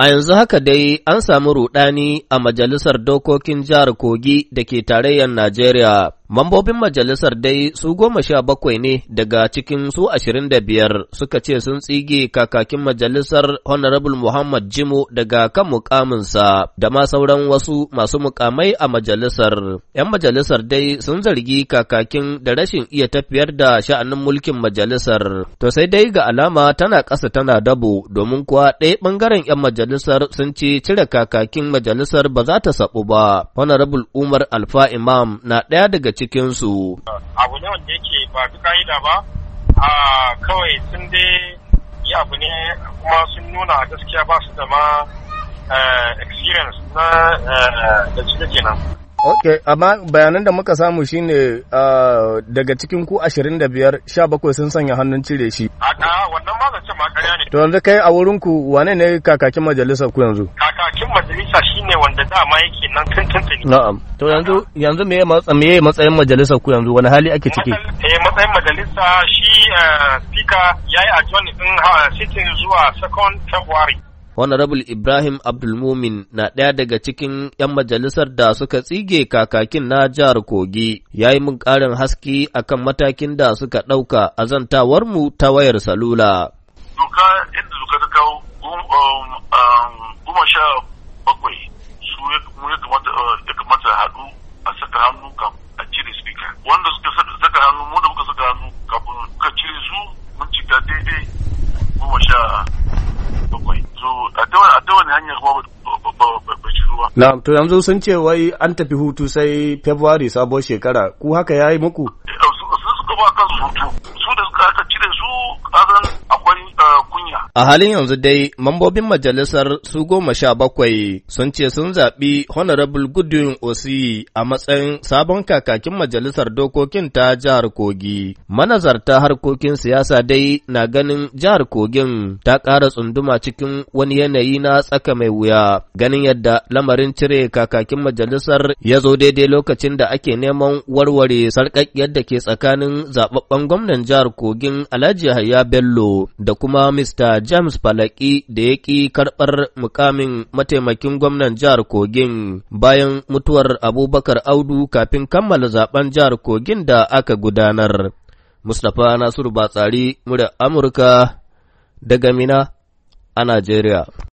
A yanzu haka dai an samu rudani a Majalisar Dokokin Jihar Kogi da ke tarayyar Najeriya, Mambobin majalisar dai su goma sha bakwai ne daga cikin su ashirin da biyar suka ce sun tsige kakakin majalisar Honorable Muhammad Jimo daga kan mukaminsa da ma sauran wasu masu mukamai a majalisar. ‘Yan majalisar dai sun zargi kakakin da rashin iya tafiyar da sha'anin mulkin majalisar. To sai dai ga alama tana ƙasa tana dabo domin kuwa ɗaya ɓangaren ‘yan majalisar sun ce cire kakakin majalisar ba za ta saɓu ba. Honorable Umar Alfa Imam na ɗaya daga cikinsu. Abu ne wanda yake ba bi da ba, a kawai sun dai yi abu ne kuma sun nuna a gaskiya ba su da ma eh, experience na eh, da cike kenan. Ok, amma bayanan da muka samu shine daga cikin ku 25 17 sun sanya hannun cire shi. Aka wannan ma zance ma ne. To yanzu kai a wurin ku wane ne kakakin majalisar ku yanzu? Kakakin majalisar dama yake nan tun tun tuni na'am to yanzu yanzu me me matsayin majalisar ku yanzu wani hali ake ciki eh matsayin majalisa shi eh, speaker yayi adjourn din sitting zuwa second February Honorable Ibrahim Abdulmumin na ɗaya daga cikin ‘yan majalisar da suka tsige kakakin na jihar Kogi, ya yi mun ƙarin haske kan matakin da suka ɗauka a zantawarmu ta wayar salula. Doka inda doka ta kawo um, um, goma sha bakwai su ya kamata uh, ya kamata haɗu a saka hannu kafin a cire speaker wanda suka saka hannu mu da muka saka hannu kafin ka cire su mun cika daidai goma sha bakwai so a ta wani hanyar kuma Na'am, to yanzu sun ce wai an tafi hutu sai February sabuwar shekara, ku haka ya yi muku? Eh, sun suka ba kansu hutu, su da suka aka cire su, azan akwai uh, kunya. A halin yanzu dai mambobin majalisar su goma sha bakwai sun ce sun zaɓi Honorable Goodwin Osi a matsayin sabon kakakin majalisar dokokin ta jihar Kogi. Manazarta harkokin siyasa dai na ganin jihar Kogin ta ƙara tsunduma cikin wani yanayi na tsaka mai wuya ganin yadda lamarin cire kakakin majalisar ya zo daidai lokacin da ake neman warware sarƙaƙƙiyar da ke tsakanin zaɓaɓɓen gwamnan jihar Kogin Alhaji Yahaya Bello da kuma Mr. Mr. James Falaki da ya ƙi karɓar mukamin mataimakin gwamnan jihar Kogin bayan mutuwar Abubakar Audu kafin kammala zaben jihar Kogin da aka gudanar. Mustapha Nasiru Batsari, murya Amurka daga Mina a Najeriya.